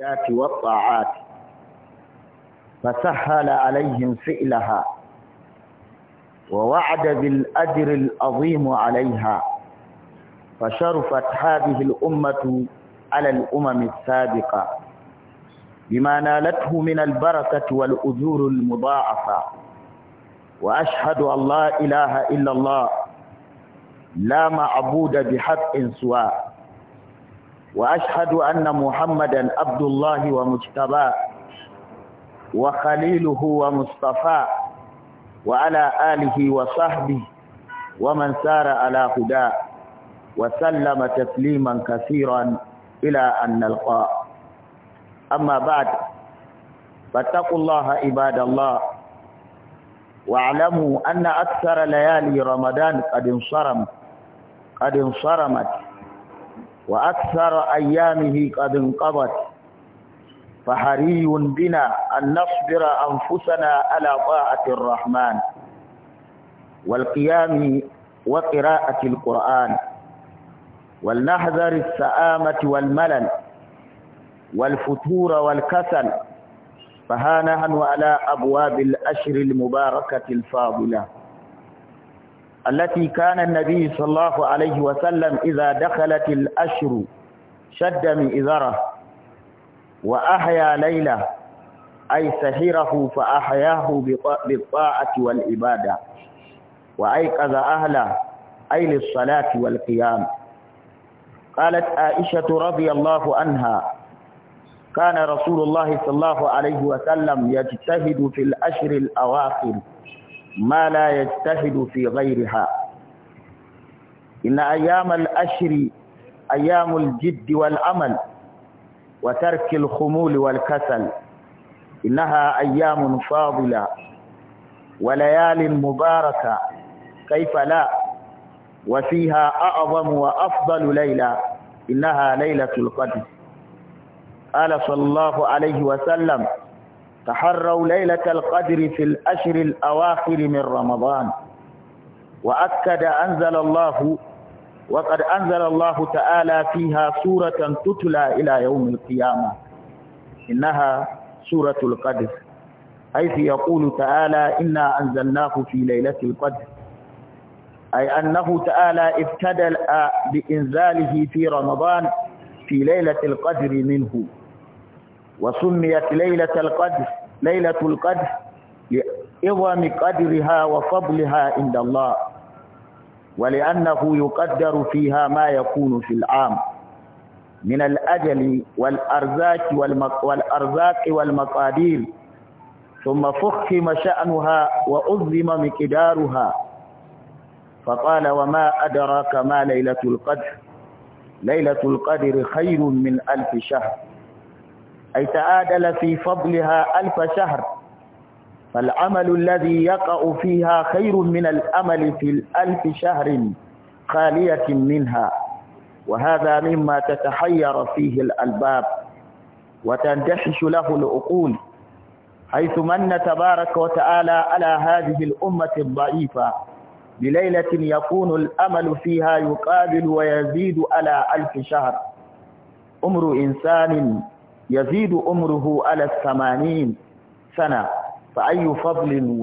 العبادات والطاعات فسهل عليهم فعلها ووعد بالأجر العظيم عليها فشرفت هذه الأمة على الأمم السابقة بما نالته من البركة والأجور المضاعفة وأشهد أن لا إله إلا الله لا معبود بحق سواه وأشهد أن محمدا عبد الله ومجتباه وخليله ومصطفاه وعلى آله وصحبه ومن سار على هداه وسلم تسليما كثيرا إلى أن نلقى أما بعد فاتقوا الله عباد الله واعلموا أن أكثر ليالي رمضان قد انصرم قد انصرمت وأكثر أيامه قد انقضت فحري بنا أن نصبر أنفسنا على طاعة الرحمن والقيام وقراءة القرآن ولنحذر السآمة والملل والفتور والكسل فها نحن على أبواب الأشر المباركة الفاضلة التي كان النبي صلى الله عليه وسلم إذا دخلت الأشر شد من إذره وأحيا ليله أي سهره فأحياه بالطاعة والعبادة وأيقظ أهله أي للصلاة والقيام قالت عائشة رضي الله عنها كان رسول الله صلى الله عليه وسلم يجتهد في الأشر الأواخر ما لا يجتهد في غيرها إن أيام الأشر أيام الجد والأمل وترك الخمول والكسل إنها أيام فاضلة وليال مباركة كيف لا وفيها أعظم وأفضل ليلة إنها ليلة القدر قال صلى الله عليه وسلم تحروا ليلة القدر في الأشر الأواخر من رمضان وأكد أنزل الله وقد أنزل الله تعالى فيها سورة تتلى إلى يوم القيامة إنها سورة القدر حيث يقول تعالى إنا أنزلناه في ليلة القدر أي أنه تعالى ابتدأ بإنزاله في رمضان في ليلة القدر منه وسميت ليلة القدر ليلة القدر لعظم قدرها وفضلها عند الله ولأنه يقدر فيها ما يكون في العام من الأجل والأرزاق والأرزاق والمقادير ثم فخم شأنها وأظلم مقدارها فقال وما أدراك ما ليلة القدر ليلة القدر خير من ألف شهر أي تعادل في فضلها ألف شهر فالعمل الذي يقع فيها خير من الأمل في الألف شهر خالية منها وهذا مما تتحير فيه الألباب وتندحش له العقول حيث من تبارك وتعالى على هذه الأمة الضعيفة بليلة يكون الأمل فيها يقابل ويزيد على ألف شهر أمر إنسان يزيد عمره على الثمانين سنة فأي فضل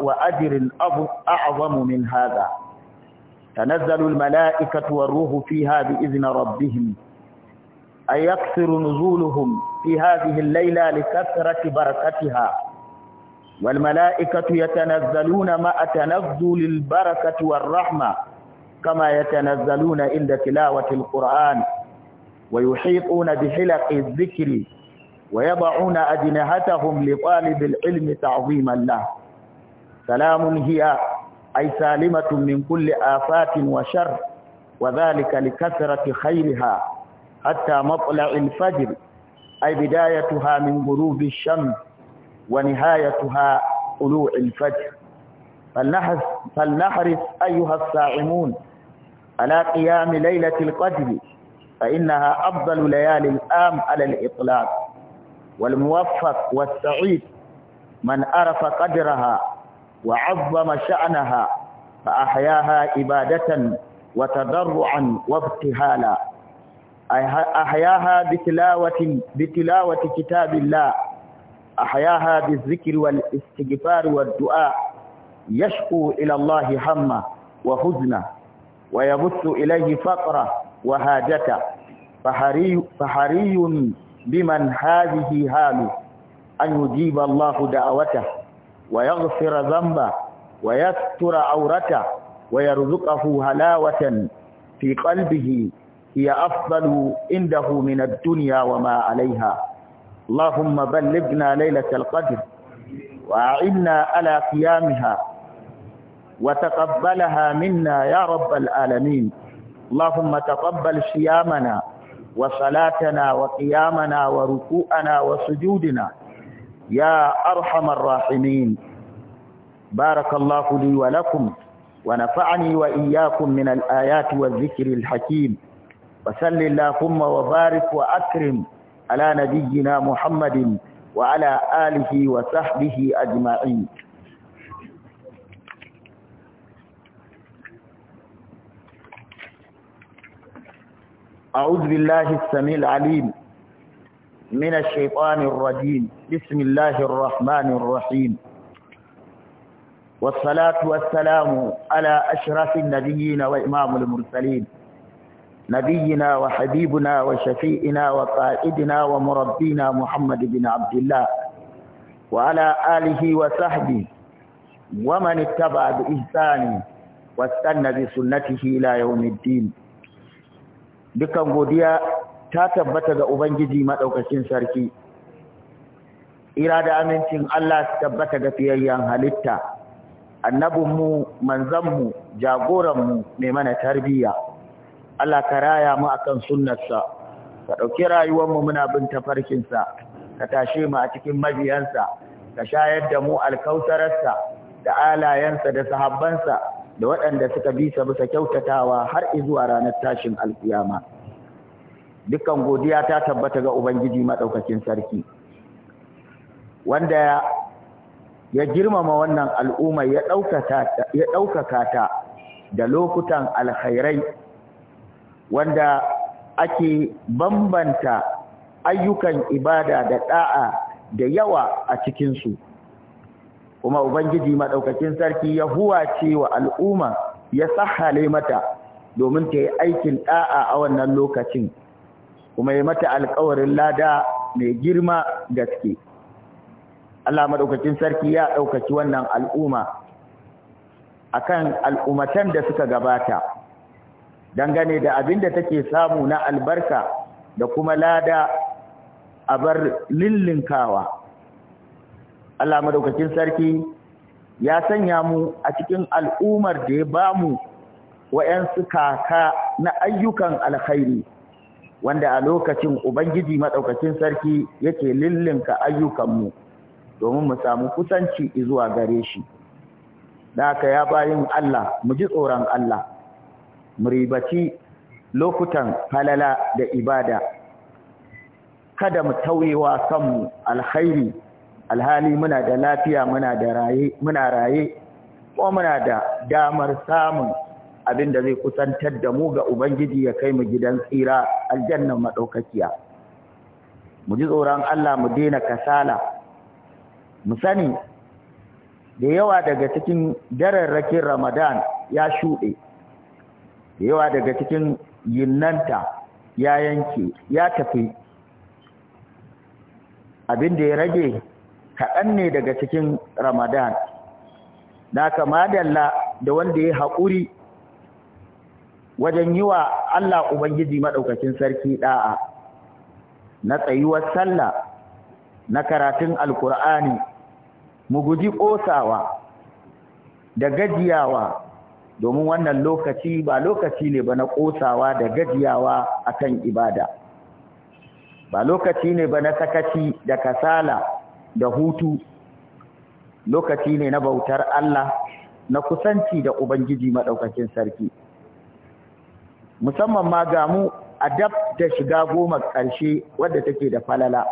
وأجر أعظم من هذا تنزل الملائكة والروح فيها بإذن ربهم أي يكثر نزولهم في هذه الليلة لكثرة بركتها والملائكة يتنزلون مع تنزل البركة والرحمة كما يتنزلون عند تلاوة القرآن ويحيطون بحلق الذكر ويضعون أجنهتهم لطالب العلم تعظيما له سلام هي أي سالمة من كل آفات وشر وذلك لكثرة خيرها حتى مطلع الفجر أي بدايتها من غروب الشمس ونهايتها طلوع الفجر فلنحرص, فلنحرص أيها الصائمون على قيام ليلة القدر فإنها أفضل ليالي الآم على الإطلاق والموفق والسعيد من عرف قدرها وعظم شأنها فأحياها عبادة وتضرعا وابتهالا أحياها بتلاوة, بتلاوة كتاب الله أحياها بالذكر والاستغفار والدعاء يشكو إلى الله همه وحزنه ويبث إليه فقره وهاجته فحري, بمن هذه حاله أن يجيب الله دعوته ويغفر ذنبه ويستر عورته ويرزقه هلاوة في قلبه هي أفضل عنده من الدنيا وما عليها اللهم بلغنا ليلة القدر وأعنا على قيامها وتقبلها منا يا رب العالمين اللهم تقبل صيامنا وصلاتنا وقيامنا وركوعنا وسجودنا يا أرحم الراحمين بارك الله لي ولكم ونفعني وإياكم من الآيات والذكر الحكيم وسل اللهم وبارك وأكرم على نبينا محمد وعلى آله وصحبه أجمعين أعوذ بالله السميع العليم من الشيطان الرجيم بسم الله الرحمن الرحيم والصلاة والسلام على أشرف النبيين وإمام المرسلين نبينا وحبيبنا وشفيئنا وقائدنا ومربينا محمد بن عبد الله وعلى آله وصحبه ومن اتبع بإحسانه واستنى بسنته إلى يوم الدين dukan godiya ta tabbata ga Ubangiji maɗaukacin sarki, ira da amincin Allah su tabbata ga fiyayyen halitta, annabinmu, manzanmu, jagoranmu mai mana tarbiyya. Allah ka raya mu a kan sunnarsa, ka ɗauki rayuwanmu muna bin tafarkinsa, ka tashe mu a cikin mabiyansa, ka shayar da mu alkautararsa da alayensa da sahabbansa. da waɗanda suka bisa bisa kyautatawa har zuwa ranar tashin alkiyama dukkan godiya ta tabbata ga ubangiji maɗaukakin sarki wanda ya girmama wannan al'umma ya ɗaukaka ta da lokutan alkhairai wanda ake bambanta ayyukan ibada da ɗa'a da yawa a cikinsu kuma ubangiji madaukakin sarki ya huwace wa al'umma ya sahale mata domin ta yi aikin da'a a wannan lokacin kuma ya mata alƙawarin lada mai girma gaske Allah madaukakin sarki ya ɗaukaki wannan al'umma akan al'ummatan da suka gabata dangane da abin da take samu na albarka da kuma lada a bar lillinkawa Allah madaukakin sarki ya sanya mu a cikin al'umar da ya bamu wa'yansu kaka na ayyukan alkhairi wanda a lokacin Ubangiji madaukakin sarki yake lillinka ayyukanmu domin mu samu kusanci zuwa gare shi. Da ka ya bayin Allah, mu ji tsoron Allah, mu ribaci lokutan halala da ibada, kada mu tauyewa kanmu alkhairi alhali muna da lafiya muna da raye muna raye kuma muna da damar samun abin da zai kusantar da mu ga ubangiji ya kai mu gidan tsira aljannan madaukakiya mu ji tsoron Allah mu daina kasala mu sani da yawa daga cikin dararrakin Ramadan ya shuɗe da yawa daga cikin yinnanta ya yanke ya tafi abin da ya rage kaɗan ne daga cikin Ramadan. Na kama dalla da wanda ya haƙuri wajen yi wa Allah Ubangiji maɗaukacin sarki ɗa'a, na tsayuwar sallah, na karatun Alƙur'ani, mu guji ƙosawa da gajiyawa, domin wannan lokaci ba lokaci ne ba na ƙosawa da gajiyawa akan ibada. Ba lokaci ne ba na sakaci da kasala. da hutu lokaci ne na bautar Allah na kusanci da Ubangiji maɗaukakin sarki. Musamman ma gamu mu da shiga goma ƙarshe wadda take da falala.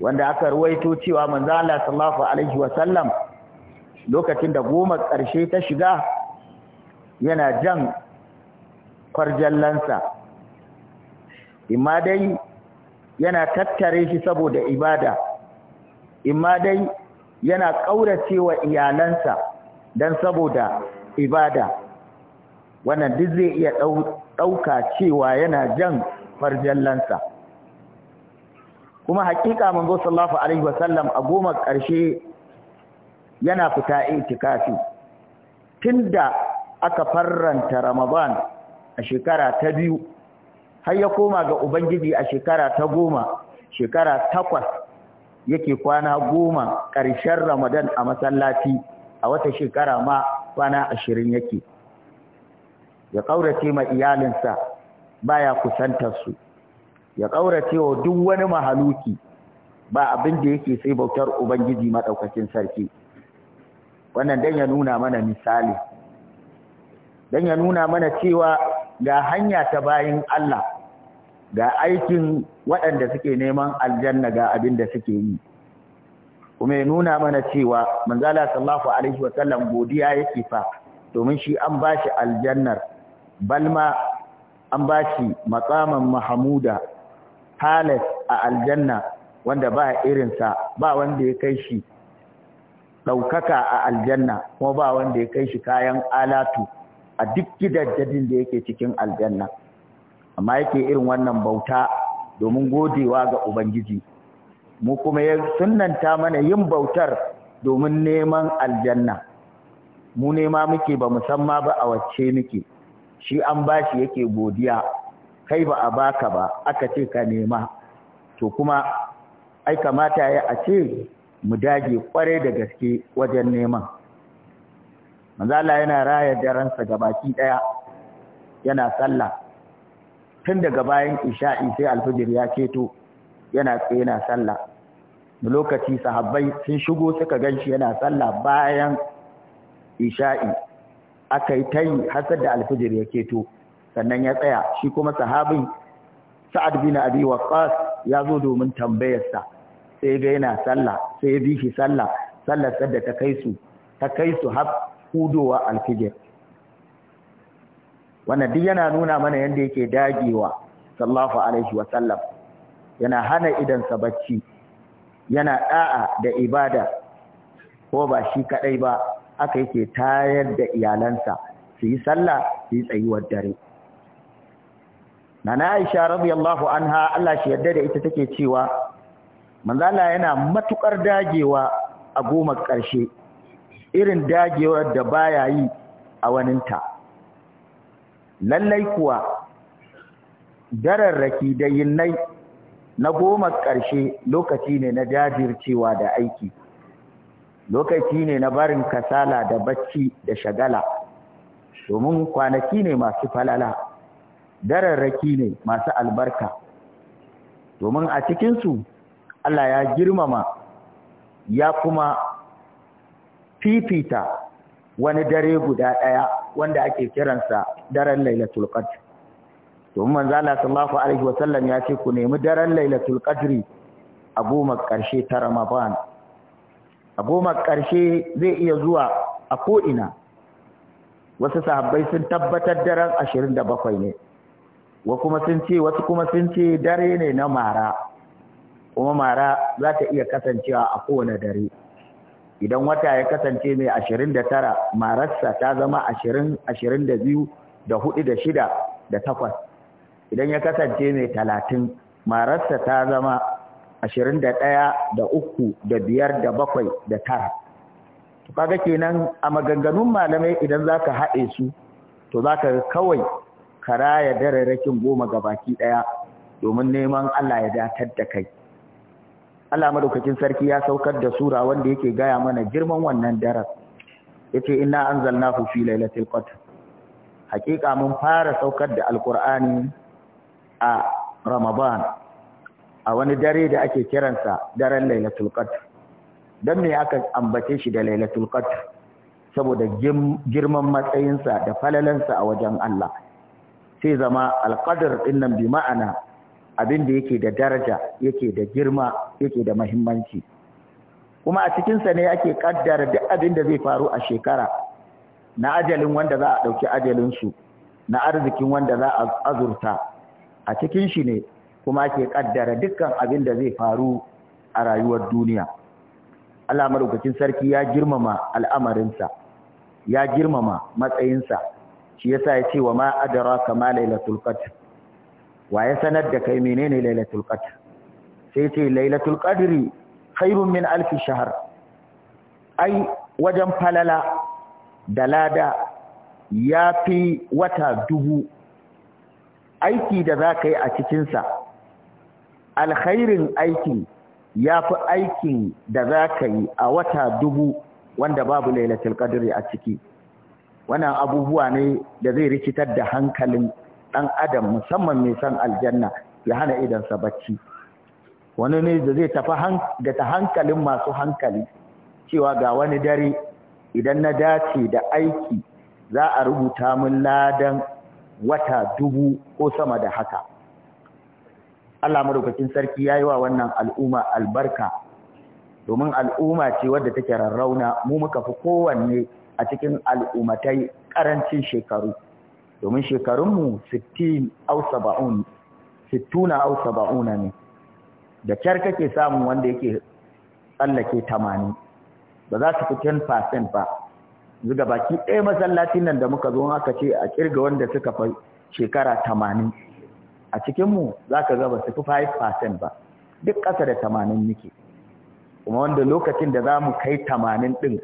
Wanda aka ruwaito cewa Allah sallallahu Alaihi wasallam lokacin da goma ƙarshe ta shiga yana jan kwarjallansa. Imma dai yana tattare shi saboda ibada imma dai yana ƙauracewa iyalansa don saboda ibada wannan duk zai iya ɗauka cewa yana jan farjallansa kuma haƙiƙa manzo sallallahu alaihi wasallam a goma ƙarshe yana fita itikafi tunda aka farranta ramadan a shekara ta biyu har ya koma ga ubangiji a shekara ta goma shekara takwas yake kwana goma ƙarshen ramadan a masallaci a wata shekara ma kwana ashirin yake ya ƙaurace ma iyalinsa ba baya kusantarsu ya ƙaurace wa duk wani mahaluki ba abin da yake sai bautar ubangiji maɗaukakin sarki wannan dan ya nuna mana misali dan ya nuna mana cewa ga hanya ta bayan Allah ga aikin waɗanda suke neman aljanna ga abin da suke yi kuma ya nuna mana cewa manzala alaihi wa sallam godiya yake fa domin shi an bashi aljannar balma an bashi maqaman mahmuda palace a aljanna wanda ba irinsa ba wanda ya kai shi ɗaukaka a aljanna kuma ba wanda ya kai shi kayan alatu a duk gidajen da yake cikin aljanna amma yake irin wannan bauta domin godewa ga ubangiji mu kuma ya sunnanta mana yin bautar domin neman aljanna mu nema muke ba musamman ba a wacce muke shi an bashi yake godiya kai ba a baka ba aka ce ka nema to kuma ai kamata ya a ce mu dage kware da gaske wajen neman manzala yana raya ga baki ɗaya yana sallah tun daga bayan isha'i sai alfijir ya keto yana tsaye na sallah da lokaci sahabbai sun shigo suka ganshi yana sallah bayan isha'i aka yi tayi hasar da alfijir ya keto sannan ya tsaya shi kuma sahabin sa'ad bin abi waqqas ya zo domin tambayarsa sai ga yana sallah sai ya bi shi sallah sallar sadda ta kai su ta kai har hudowa alfijir wannan duk yana nuna mana yanda yake dagewa sallallahu alaihi wa yana hana idan sa bacci yana da'a da ibada ko ba shi kadai ba aka yake tayar da iyalansa su yi sallah su yi tsayuwar dare Nana Aisha radiyallahu anha Allah shi yarda da ita take cewa manzo Allah yana matukar dagewa a goma ƙarshe irin dagewar da baya yi a waninta lallai kuwa dararraki da yinnai na goma ƙarshe lokaci ne na jajircewa da aiki lokaci ne na barin kasala da bacci da shagala domin kwanaki ne masu falala dararraki ne masu albarka domin a cikinsu Allah ya girmama ya kuma fifita wani dare guda ɗaya wanda ake kiransa daren lailatul qadr to manzo Allah sallallahu alaihi wasallam ya ce ku nemi daren lailatul qadri a goma karshe ta ramadan a goma karshe zai iya zuwa a ko ina wasu sahabbai sun tabbatar daren 27 ne wa kuma sun ce wasu kuma sun ce dare ne na mara kuma mara za ta iya kasancewa a kowane dare idan wata ya kasance mai 29 mararsa ta zama 20 22 da hudu da shida da takwas idan ya kasance mai talatin mararsa ta zama ashirin da ɗaya da uku da biyar da bakwai da tara to kaga kenan a maganganun malamai idan za ka haɗe su to za ka kawai ka raya dararrakin goma ga baki ɗaya domin neman Allah ya datar da kai Allah madaukakin sarki ya saukar da sura wanda yake gaya mana girman wannan darar yace inna anzalnahu fi lailatul qadr hakika mun fara saukar da alkur'ani a ramadan a wani dare da ake kiransa daren lailatul qadr dan me aka ambace shi da lailatul qadr saboda girman matsayinsa da falalansa a wajen Allah sai zama alqadr din nan bi ma'ana abin da yake da daraja yake da girma yake da muhimmanci kuma a cikinsa ne ake kaddara duk abin da zai faru a shekara na ajalin wanda za a ɗauki ajalinsu na arzikin wanda za a azurta a cikin shi ne kuma ke ƙaddara dukkan abin da zai faru a rayuwar duniya Allah madaukakin sarki ya girmama al'amarinsa ya girmama matsayinsa shi yasa ya ce wa ma kama ma lailatul qadr wa ya sanar da kai menene lailatul qadr sai ce lailatul qadri khairun min alf shahr ai wajen falala da lada ya fi wata dubu aiki da za ka yi a cikinsa alkhairin aikin ya fi aikin da za ka yi a wata dubu wanda babu lailatul qadri a ciki wannan abubuwa ne da zai rikitar da hankalin ɗan adam musamman mai san aljanna ya hana idansa bacci wani ne da zai tafi da hankalin masu hankali cewa ga wani dare idan na dace da aiki za a rubuta min ladan wata dubu ko sama da haka Allah madaukakin sarki yayi wa wannan al'umma albarka domin al'umma ce wadda take rarrauna mu muka fi kowanne a cikin al'ummatai karancin shekaru domin shekarunmu 60 au 70 60 au 70 ne da kyar kake samun wanda yake tsallake 80 ba za su fi 10% ba zuga baki ɗaya masallacin nan da muka zo aka ce a kirga wanda suka fi shekara 80 a cikinmu za ka ga ba su fi 5% ba duk ƙasa da 80 muke kuma wanda lokacin da za mu kai 80 ɗin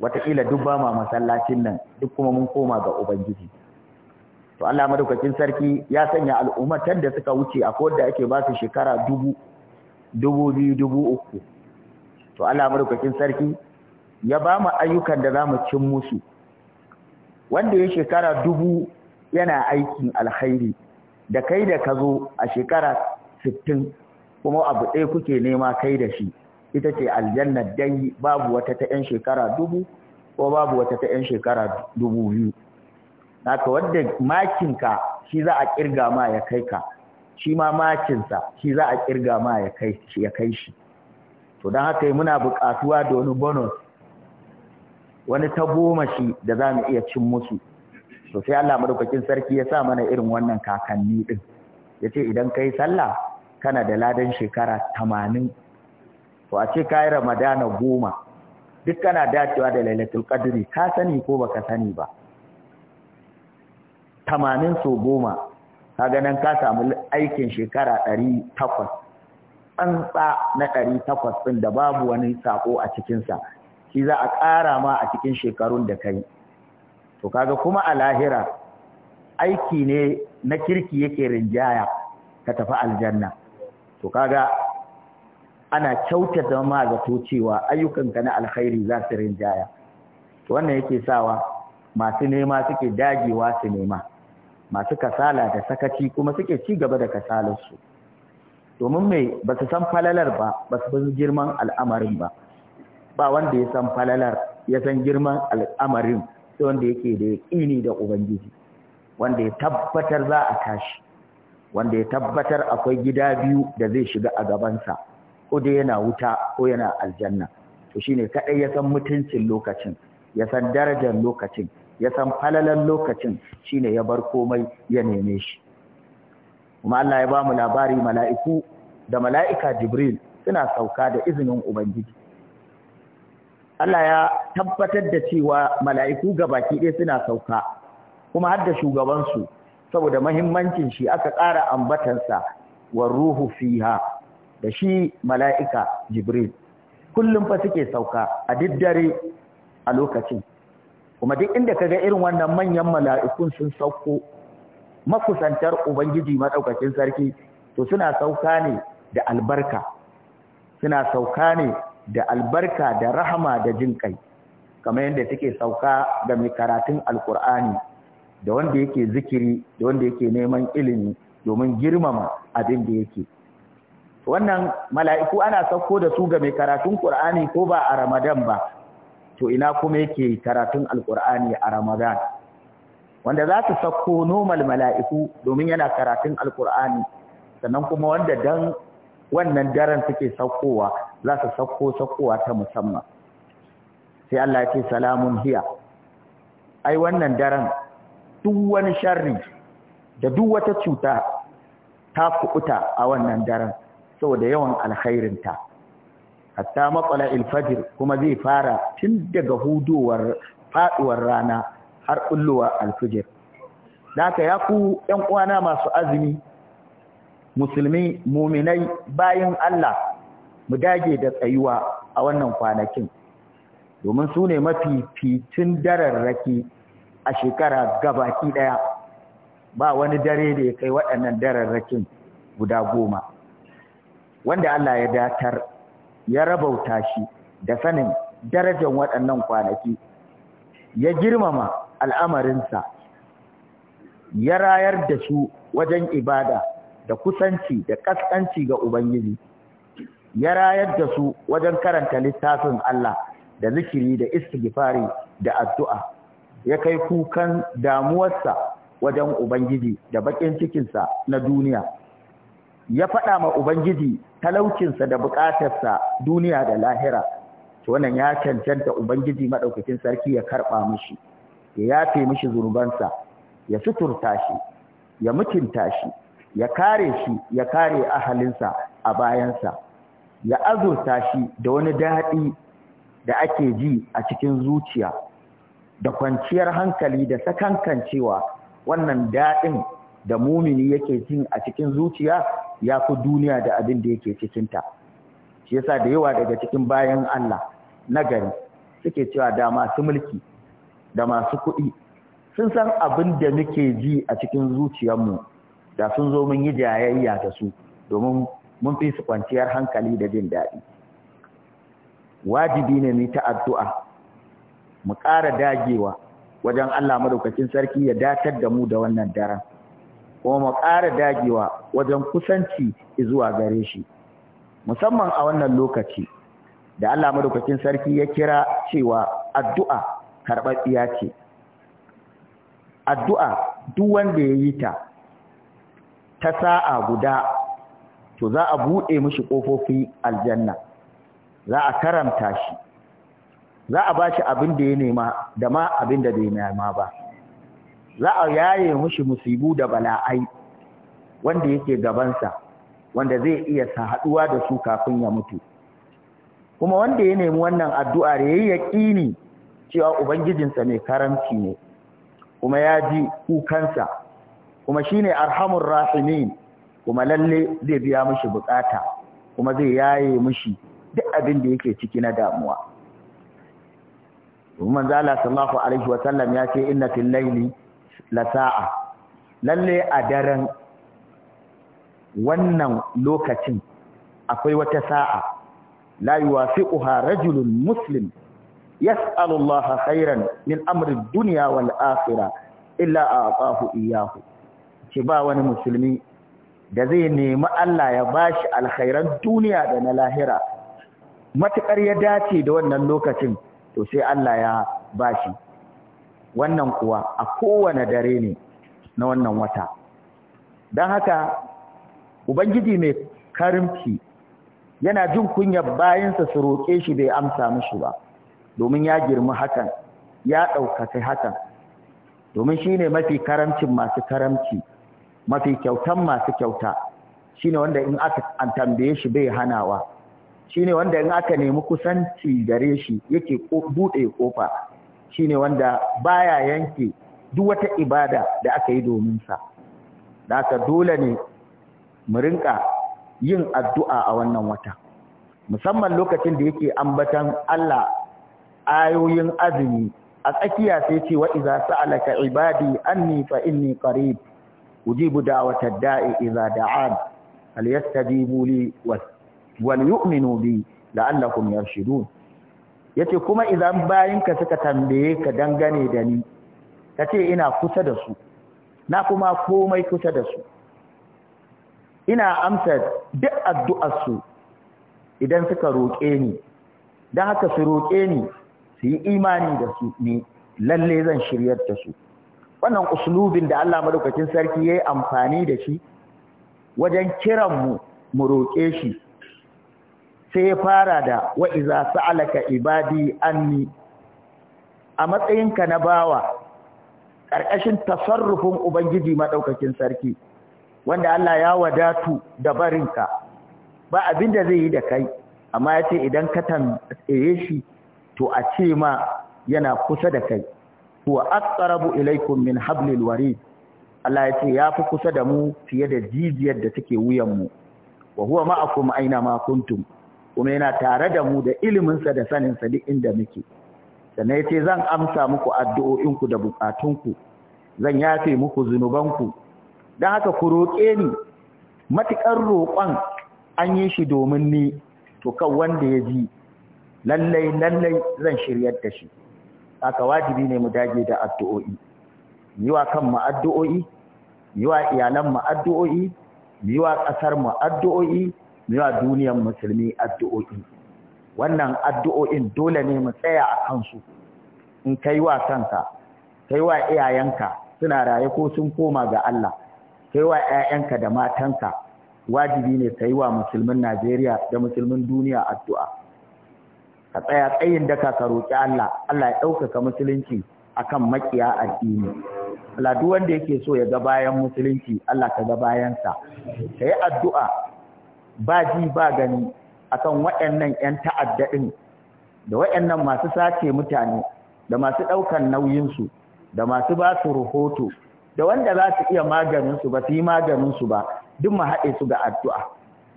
wataƙila duk ba ma masallacin nan duk kuma mun koma ga ubangiji to Allah madaukakin sarki ya sanya al'ummar da suka wuce a ko da ake ba su shekara dubu dubu biyu dubu uku to Allah madaukakin sarki ya ba mu ayyukan da za mu cin musu wanda ya shekara dubu yana aikin alkhairi da kai da ka zo a shekara sittin kuma abu ɗaya kuke nema kai da shi ita ce aljannar dai babu wata ta 'yan shekara dubu ko babu wata ta 'yan shekara dubu biyu naka wadda makinka shi za a kirga ma ya kai ka shi ma makinsa shi za a kirga ma ya kai shi to don haka muna buƙatuwa da wani bonus wani ta tagomashi da za mu iya cin musu to sai Allah madaukakin sarki ya sa mana irin wannan kakanni din yace idan kai sallah kana da ladan shekara 80 to a ce kai ramadana goma duk kana dacewa da lailatul qadri ka sani ko baka sani ba 80 so goma kaga nan ka samu aikin shekara an tsantsa na takwas ɗin da babu wani sako a cikinsa. shi za a ƙara ma a cikin shekarun da kai to kaga kuma a lahira aiki ne na kirki yake rinjaya ka tafi aljanna to kaga ana kyautata ma zato cewa ayyukanka na alkhairi za su rinjaya to wannan yake sawa masu nema suke dagewa su nema masu kasala da sakaci kuma suke ci gaba da kasalarsu domin mai ba su san falalar ba ba su girman al'amarin ba ba wanda ya san falalar ya san girman al'amarin sai wanda yake da yaƙini da ubangiji wanda ya tabbatar za a tashi wanda ya tabbatar akwai gida biyu da zai shiga a gabansa ko dai yana wuta ko yana aljanna to shine kadai ya san mutuncin lokacin ya san darajar lokacin ya san falalan lokacin shine ya bar komai ya neme shi kuma Allah ya bamu labari mala'iku da mala'ika Jibril suna sauka da izinin Ubangiji Allah ya tabbatar da cewa mala'iku baki ɗaya suna sauka kuma har da shugabansu saboda mahimmancin shi aka ƙara ambatansa wa ruhu fiha da shi mala'ika jibril kullum fa suke sauka a duk a lokacin kuma duk inda ka ga irin wannan manyan mala'ikun sun sauko makusantar ubangiji madaukakin sarki to suna sauka ne da albarka suna sauka ne da albarka da rahama da jin kai kamar yadda take sauka ga mai karatun alkur'ani da wanda yake zikiri da wanda yake neman ilimi domin girmama abin da yake wannan mala'iku ana sauko da su ga mai karatun qur'ani ko ba a ramadan ba to ina kuma yake karatun alkur'ani a ramadan wanda za su sauko normal mala'iku domin yana karatun alkur'ani sannan kuma wanda dan wannan daren suke saukowa za su sauko saukowa ta musamman sai Allah ce salamun hiya ai wannan daren duk wani sharri da duk wata cuta ta kubuta a wannan daren saboda yawan alkhairinta hatta matsala alfajir kuma zai fara tun daga hudowar faduwar rana har kulluwar alfajir da ka ya ku yan uwana masu azumi musulmi muminai bayan Allah mu dage da tsayuwa a wannan kwanakin domin su ne mafi fitin dararraki a shekara gabaki daya ba wani dare da ya kai waɗannan dararrakin guda goma wanda Allah ya datar ya rabauta shi da sanin darajar waɗannan kwanaki ya girmama al'amarinsa ya rayar da su wajen ibada da kusanci da kaskanci ga Ubangiji, ya rayar da su wajen karanta littafin Allah da zikiri da istighfari da addu'a, ya kai kukan damuwarsa wajen Ubangiji da baƙin cikinsa na duniya. Ya faɗa ma Ubangiji talaucinsa da buƙatarsa duniya da lahira, to wannan ya cancanta Ubangiji maɗaukacin sarki ya karɓa mishi, ya yafe mishi zunubansa, ya suturta shi, ya mutunta shi, ya kare shi ya kare ahalinsa a bayansa ya azurta shi da wani daɗi da ake ji a cikin zuciya da kwanciyar hankali da sakankancewa wannan daɗin da mumini yake jin a cikin zuciya ya fi duniya da abin da yake cikinta shi yasa da yawa daga cikin bayan Allah na gari suke cewa da masu mulki da masu kuɗi sun san abin da muke ji a cikin zuciyarmu da sun zo mun yi jayayya da su domin mun fi su kwanciyar hankali da jin daɗi wajibi ne mu ta addu'a mu ƙara dagewa wajen Allah madaukakin sarki ya datar da mu da wannan daren kuma mu ƙara dagewa wajen kusanci zuwa gare shi musamman a wannan lokaci da Allah madaukakin sarki ya kira cewa addu'a karɓaɓɓiya ce addu'a duk wanda ya yi ta ta sa'a guda to za a buɗe mishi ƙofofin aljanna za a karamta shi za a ba shi abin da ya nema da ma abin da bai nema ba za a yaye mishi musibu da bala'ai wanda yake gabansa wanda zai iya sa haɗuwa da su kafin ya mutu kuma wanda ya nemi wannan addu'a da yayi yaƙini cewa ubangijinsa mai karamci ne kuma ya ji kukansa kuma shine arhamur rahimin kuma lalle zai biya mashi bukata kuma zai yaye mashi duk abin da yake ciki na damuwa domin manzo alaihi wa sallam ya ce inna fil laili la sa'a lalle a daren wannan lokacin akwai wata sa'a la yuwafiquha rajulun muslim yas'alu Allah khairan min amrin duniya wal akhirah illa a'tahu iyyahu ce ba wani musulmi da zai nemi Allah ya ba shi alkhairan duniya da na lahira matuƙar ya dace da wannan lokacin to sai Allah ya bashi wannan kuwa a kowane dare ne na wannan wata don haka ubangiji mai karimci yana jin kunyar bayansa su roƙe shi bai amsa musu ba domin ya girma hakan ya ɗaukaka hakan domin shi ne mafi karamcin masu karamci mafi kyautan masu kyauta shine wanda in aka an tambaye shi bai hanawa shine wanda in aka nemi kusanci gare shi yake bude kofa shine wanda baya yanke duk wata ibada da aka yi domin sa da aka dole ne mu rinka yin addu'a a wannan wata musamman lokacin da yake ambatan Allah ayoyin azumi a tsakiya sai ce wa iza sa'alaka ibadi anni fa inni qarib ujibu da'watad da'i idza da'an falyastajibu li walyu'minu bi la'allahum yarshudun yace kuma idan bayinka suka tambaye ka dangane da ni kace ina kusa da su na kuma komai kusa da su ina amsa duk addu'ar su idan suka roƙe ni dan haka su roƙe ni su yi imani da su ni lalle zan shiryar da su wannan uslubin da Allah madaukakin sarki yayi amfani da shi wajen kiran mu mu roƙe shi sai ya fara da wa iza sa'alaka ibadi anni a matsayinka na bawa ƙarƙashin tasarrufin ubangiji madaukakin sarki wanda Allah ya wadatu da barinka ba abin da zai yi da kai amma yace idan ka tambaye shi to a ce ma yana kusa da kai huwa aqrabu ilaykum min hablil warid Allah ya ce ya fi kusa da mu fiye da jijiyar da take wuyan mu wa huwa ma'akum aina ma kuntum kuma yana tare da mu da ilimin sa da sanin sa duk inda muke sannan yace zan amsa muku addu'o'in ku da bukatun ku zan yafe muku zunuban ku dan haka ku roƙe ni matukar roƙon an yi shi domin ni to kan wanda ya ji lallai lallai zan shiryar da shi haka wajibi ne mu dage da addu'o'i yi wa kanmu addu'o'i yi wa iyalanmu addu'o'i yi wa mu addu'o'i yi wa duniyar musulmi addu'o'i wannan addu'o'in dole ne mu tsaya a kansu in kai wa kanka kai wa iyayenka suna raye ko sun koma ga Allah kai wa ‘ya'yanka da matanka wajibi ne kai wa musulmin Najeriya da musulmin duniya addu'a ka tsaya tsayin daka ka roƙi Allah Allah ya ɗaukaka musulunci akan maƙiya addini Allah duk wanda yake so ya ga bayan musulunci Allah ka ga bayansa ka yi addu'a ba ji ba gani akan waɗannan ‘yan ta'addaɗin, da waɗannan masu sace mutane da masu ɗaukan nauyinsu da masu ba su rahoto da wanda za su iya maganinsu ba su yi maganinsu ba duk mu haɗe su ga addu'a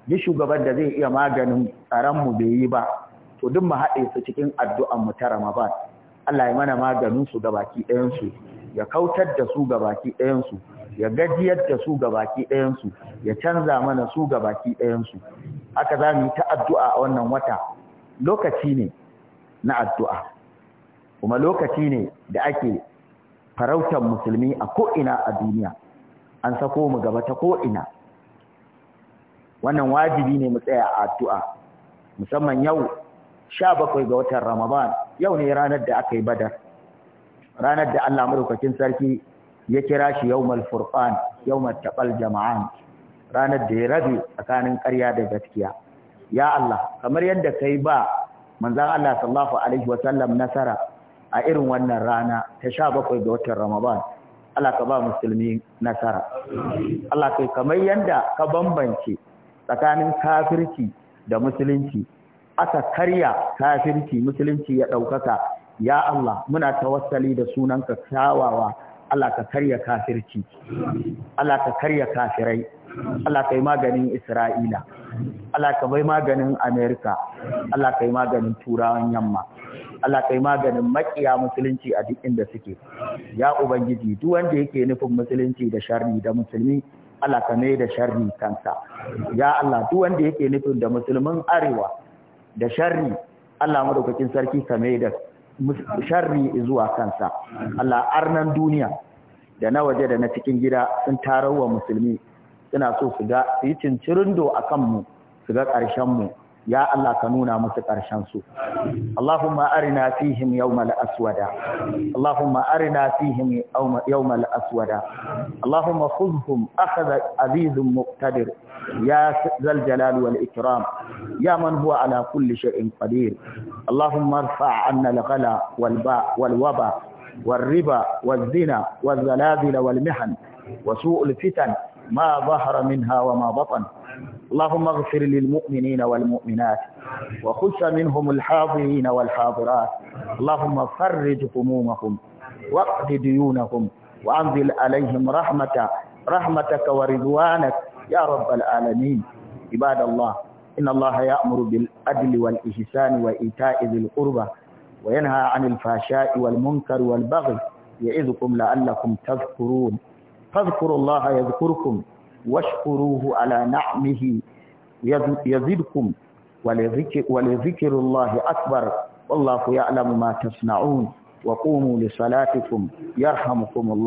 duk shugaban da zai iya maganin tsaronmu bai yi ba to duk mu haɗe su cikin addu'an mu ta Ramadan Allah ya mana maganin su baki ɗayan su ya kautar da su baki ɗayan su ya gajiyar da su baki ɗayan su ya canza mana su baki ɗayan su haka za mu yi ta addu'a a wannan wata lokaci ne na addu'a kuma lokaci ne da ake farautar musulmi a ko'ina a duniya an sako mu gaba ta ko'ina wannan wajibi ne mu tsaya a addu'a musamman yau sha bakwai ga watan Ramadan yau ne ranar da aka yi badar ranar da Allah madaukakin sarki ya kira shi yawmal furqan yawmat taqal jama'an ranar da ya rabe tsakanin ƙarya da gaskiya ya Allah kamar yadda kai ba manzon Allah sallallahu alaihi wasallam nasara a irin wannan rana ta 17 ga watan Ramadan Allah ka ba musulmi nasara Allah kai kamar yadda ka bambance tsakanin kafirci da musulunci aka karya kafirci musulunci ya ɗaukaka ya Allah muna tawassali da sunanka kyawawa Allah ka karya kafirci Allah ka karya kafirai Allah kai maganin Isra'ila Allah ka bai maganin Amerika Allah kai maganin turawan yamma Allah kai maganin makiya musulunci a duk inda suke ya ubangiji duk wanda yake nufin musulunci da sharri da musulmi Allah ka mai da sharri kansa ya Allah duk wanda yake nufin da musulmin arewa da sharri Allah madaukakin sarki kame da sharri zuwa kansa Allah arnan duniya da na waje da na cikin gida sun tarawa musulmi suna so su ga su yi cincirindo a mu su ga ƙarshen mu ya Allah ka nuna musu ƙarshen su Allahumma arina fihim yawmal aswada Allahumma arina fihim yawmal aswada Allahumma khudhhum akhadha azizun muqtadir ya zal jalal wal ikram يا من هو على كل شيء قدير اللهم ارفع عنا الغلا والباء والوبا والربا والزنا والزلازل والمحن وسوء الفتن ما ظهر منها وما بطن اللهم اغفر للمؤمنين والمؤمنات وخش منهم الحاضرين والحاضرات اللهم فرج همومهم واقض ديونهم وأنزل عليهم رحمتك رحمتك ورضوانك يا رب العالمين عباد الله إن الله يأمر بالعدل والإحسان وإيتاء ذي القربى وينهى عن الفحشاء والمنكر والبغي يعظكم لعلكم تذكرون فاذكروا الله يذكركم واشكروه على نعمه يزدكم ولذكر, ولذكر الله أكبر والله يعلم ما تصنعون وقوموا لصلاتكم يرحمكم الله